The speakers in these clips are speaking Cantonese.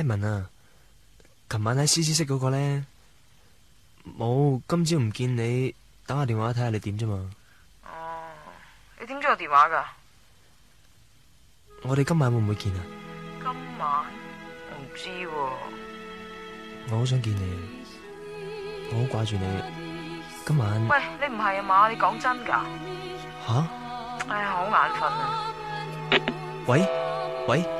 阿文啊，琴晚喺 C C 識嗰個咧，冇，今朝唔見你打下電話睇下你點啫嘛。哦，你點知道我電話噶？我哋今晚會唔會見啊？今晚我唔知喎。我好想見你，我好掛住你。今晚喂，你唔係啊嘛？你講真噶？吓？哎呀，好眼瞓啊！喂喂。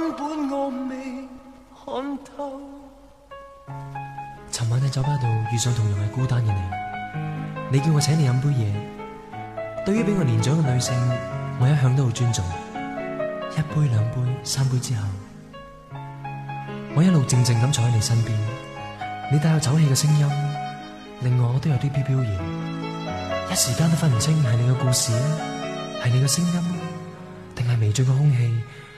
根本我未看透。尋晚喺酒吧度遇上同樣係孤單嘅你，你叫我請你飲杯嘢。對於比我年長嘅女性，我一向都好尊重。一杯、兩杯、三杯之後，我一路靜靜咁坐喺你身邊。你帶有酒氣嘅聲音，令我都有啲飄飄然，一時間都分唔清係你嘅故事，係你嘅聲音，定係微醉嘅空氣。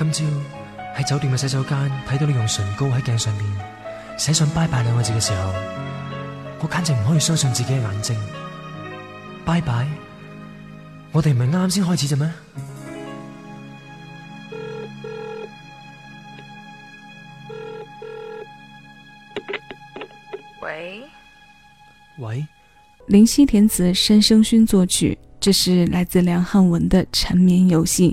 今朝喺酒店嘅洗手間睇到你用唇膏喺鏡上面寫上拜拜兩個字嘅時候，我簡直唔可以相信自己嘅眼睛。拜拜，我哋唔係啱啱先開始咋咩？喂喂，林夕填詞，申升勳作曲，這是來自梁漢文嘅《纏綿遊戲》。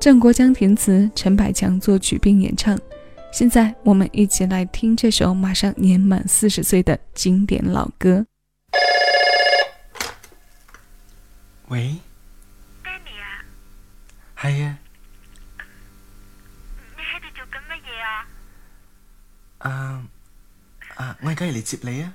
鄭國江填詞，陳百強作曲並演唱。現在我們一起來聽這首馬上年滿四十歲的經典老歌。喂。Danny 啊，係啊。你喺度做緊乜嘢啊？啊啊，我而家嚟接你啊。